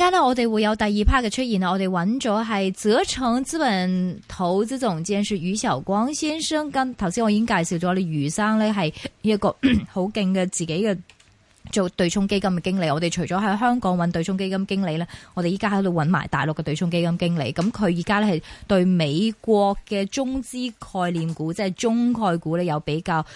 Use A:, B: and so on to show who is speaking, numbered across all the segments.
A: 而家呢，我哋會有第二 part 嘅出現啦。我哋揾咗係澤成資本投資總監是余曉光先生。跟頭先我已經介紹咗，你余生咧係一個好勁嘅自己嘅。做對沖基金嘅經理，我哋除咗喺香港揾對沖基金經理咧，我哋依家喺度揾埋大陸嘅對沖基金經理。咁佢而家咧係對美國嘅中資概念股，即係中概股咧有比較誒、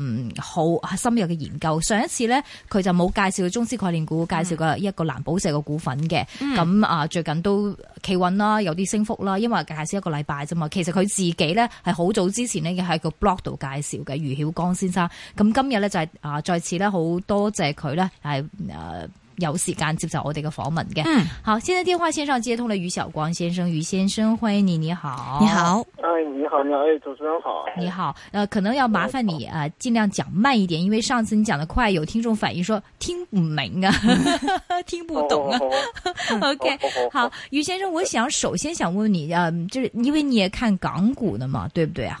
A: 嗯、好深入嘅研究。上一次呢，佢就冇介紹中資概念股，介紹過一個藍寶石嘅股份嘅。咁啊、嗯，最近都企穩啦，有啲升幅啦，因為介紹一個禮拜啫嘛。其實佢自己咧係好早之前呢喺個 blog 度介紹嘅。余曉光先生咁今日咧就係啊，再次咧好多謝。佢咧係誒有時間接受我哋嘅訪問嘅。嗯，好，現在電話線上接通了余曉光先生，余先生歡迎你，你，你好、哎，你好，你好，哎，你好，
B: 你好，主持人好，
A: 你好，誒、呃，可能要麻煩你啊、呃，盡量講慢一點，因為上次你講得快，有聽眾反映說聽唔明啊，嗯、 聽不懂啊。哦哦哦、 o、okay, k 好，余先生，我想首先想問你啊、呃，就是因為你也看港股嘅嘛，對唔對啊？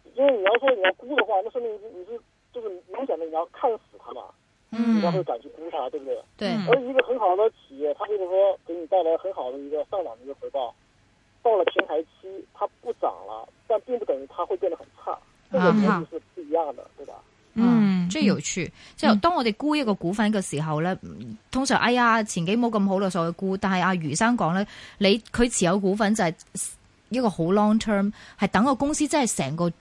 B: 因為你要說你要沽的話，那說明你是，就是明顯的你要看死它嘛，你才會敢去沽它，對不對？對。嗯嗯、而一個很好的企業，它就是說給你帶來很好的一個上漲的一個回報。到了平台期，它不漲了，但並不等於它會變得很差，啊、哈這個性質是不一樣的，
A: 對吧？嗯，最、嗯、有趣。嗯、即係當我哋沽一個股份嘅時候呢，通常哎呀前幾冇咁好咯，所以沽。但係阿余生講呢，你佢持有股份就係一個好 long term，係等個公司真係成個。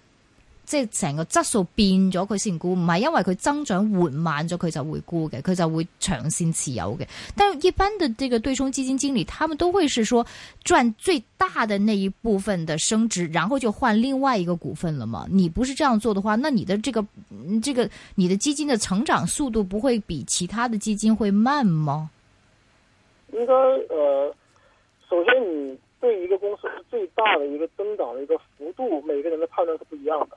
A: 即係成個質素變咗佢先沽，唔係因為佢增長緩慢咗佢就會沽嘅，佢就會長線持有嘅。但係一般的呢個對沖基金經理，他們都會是說賺最大的那一部分的升值，然後就換另外一個股份了嘛。你不是這樣做的話，那你的這個這個你的基金的成長速度不會比其他的基金會慢嗎？應該，呃，首先你對一個公司
B: 最大的一個增長的一個幅度，每個人的判斷是不一樣的。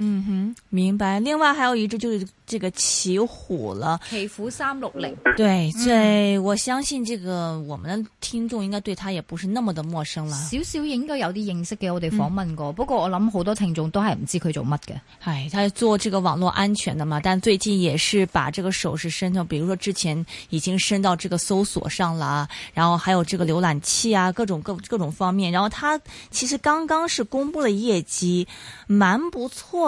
C: 嗯哼，明白。另外還有一隻就是這個奇虎了，
A: 奇虎三六零。對，
C: 最、嗯、哼我相信這個我們的聽眾應該對他也不是那麼的陌生啦。少
A: 少應該有啲認識嘅，我哋訪問過。嗯、不過我諗好多聽眾都係唔知佢做乜嘅。係，他
C: 做這個網絡安全的嘛，但最近也是把這個手是伸到，比如說之前已經伸到這個搜索上了，然後還有這個瀏覽器啊，各種各各種方面。然後他其實剛剛是公布了業績，蠻不錯。